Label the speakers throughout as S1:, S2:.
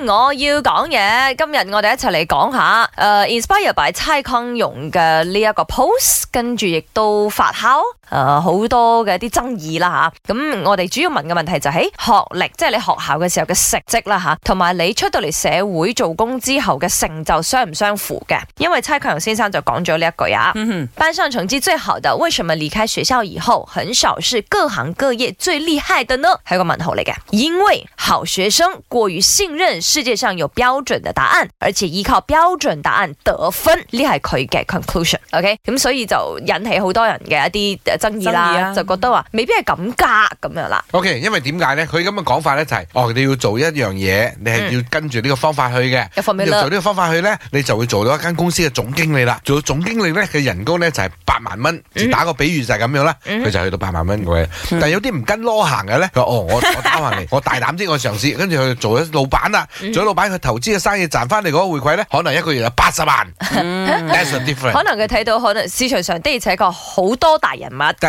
S1: 我要講嘢，今日我哋一齊嚟講下，誒、呃，inspired by 蔡康永嘅呢一個 post，跟住亦都發酵，誒、呃，好多嘅一啲爭議啦吓，咁、嗯、我哋主要問嘅問題就係：學歷，即係你學校嘅時候嘅成績啦吓，同埋你出到嚟社會做工之後嘅成就相唔相符嘅？因為蔡康永先生就講咗呢一句啊， 班上成績最好的，為什麼離開學校以後，很少是各行各業最厲害的呢？係個問號嚟嘅，因為好學生過於信任。世界上有標準嘅答案，而且依靠標準答案得分，呢係佢嘅 conclusion。Conclusion, OK，咁、嗯、所以就引起好多人嘅一啲爭議啦，議啊、就覺得話未必係咁噶咁樣啦。OK，因為點解咧？佢咁嘅講法咧就係、是，哦，你要做一樣嘢，你係要跟住呢個方法去嘅。有方法要做呢個方法去咧，你就會做到一間公司嘅總經理啦。做到總經理咧，佢人工咧就係八萬蚊。嗯、打個比喻就係咁樣啦，佢、嗯、就去到八萬蚊嘅、嗯、但係有啲唔跟攞行嘅咧，哦，我我打橫嚟， 我大膽啲，我嘗試，跟住去做咗老闆啦。做老闆佢投資嘅生意賺翻嚟嗰個回饋咧，可能一個月有八十萬
S2: ，That's a different。 可
S1: 能佢睇到可能市場上的而且確好多大人
S2: 物，即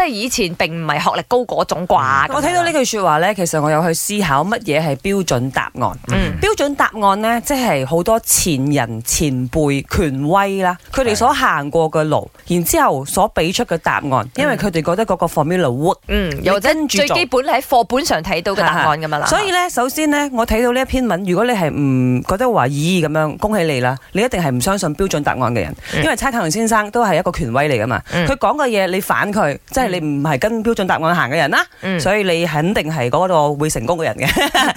S2: 係 以前並唔係學歷高嗰種啩。我睇到呢句說話咧，其實我有去思考乜嘢係標準答案？嗯， 標準答案呢，即係好多前人前輩權威啦，佢哋所行過嘅路，然之後所俾出嘅答案，因為佢哋覺得嗰個 formula work。嗯， 又或者最基本喺課本上睇到嘅答案咁樣啦。 所以咧，首先呢，我睇到呢一篇。如果你係唔覺得懷疑咁樣恭喜你啦，你一定係唔相信標準答案嘅人，因為蔡康永先生都係一個權威嚟噶嘛，佢講嘅嘢，你反佢，即係你唔係跟標準答案行嘅人啦，所以你肯定係嗰個會成功嘅人嘅，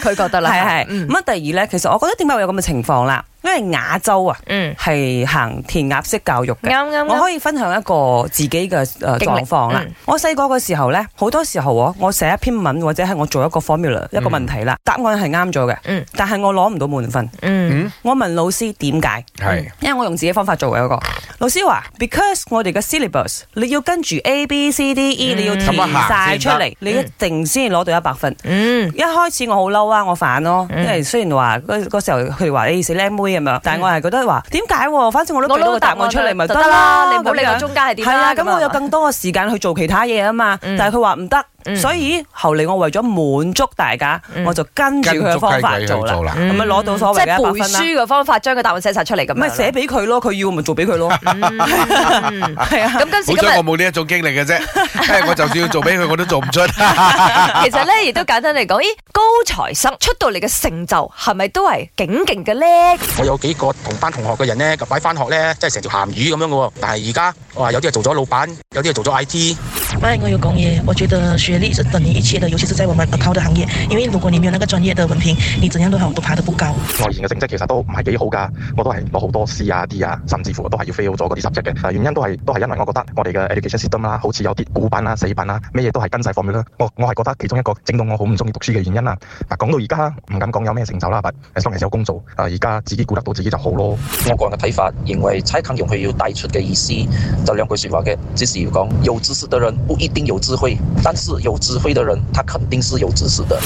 S2: 佢覺得啦。係係咁啊，第二咧，其實我覺得點解會有咁嘅情況啦？因為亞洲啊，係行填鴨式教育嘅，我可以分享一個自己嘅狀況啦。我細個嘅時候咧，好多時候我寫一篇文或者係我做一個 formula 一個問題啦，答案係啱咗嘅，但係我攞唔到滿分。我問老師點解？因為我用自己方法做嘅個。老師話：because 我哋嘅 syllabus 你要跟住 A B C D E，你要填晒出嚟，你一定先攞到一百分。一開始我好嬲啊，我反咯，因為雖然話嗰時候佢話你死靚妹。是是但係我係覺得話，點解？反正我都攞到個答案出嚟咪得啦。你冇理到中間係點係啊，咁我有更多嘅時間去做其他嘢啊嘛。嗯、但係佢話唔得。所以後嚟我為咗滿足大家，我就跟住佢嘅方法做啦，咁咪攞到所謂嘅百分啦。即係背書
S1: 嘅方法，將個答案寫晒出嚟咁。咪寫
S2: 俾佢咯，佢要咪做俾佢咯。係啊，
S1: 咁今次好彩我
S2: 冇呢一種經歷嘅啫，我就算要做俾佢，我都
S1: 做唔出。其實咧，亦都簡單嚟講，咦，高材生出到嚟嘅成就係咪都係勁勁嘅咧？我有幾個同班同學嘅人咧，入埋翻學咧，即係成條鹹魚咁樣嘅。但係而家，我話，有啲係做咗老闆，有啲係做咗 IT。喂，我要講嘢，我覺得。學歷是等於一切的，尤其是在我們 account 的行業，因為如果你沒有那個專業的文憑，你怎樣都好都爬得不高。我以前嘅成績其實都唔係幾好噶我都係攞好多 C 啊 D 啊，甚至乎都係要 fail 咗嗰啲 subject 嘅。啊，原因都係都係因為我覺得我哋嘅 education system 啦，好似有啲古板啦、死板啦，咩嘢都係跟晒課表啦。我我係覺得其中一個整到我好唔中意讀書嘅原因啦。嗱，講到而家唔敢講有咩成就啦，但係 as long as 有工作啊，而家自己顧得到自己就好咯。我個人嘅睇法認為，蔡康永佢要帶
S2: 出嘅意思就兩句說話嘅，即係要講有知識的人不一定有智慧，但是。有智慧的人，他肯定是有知識的。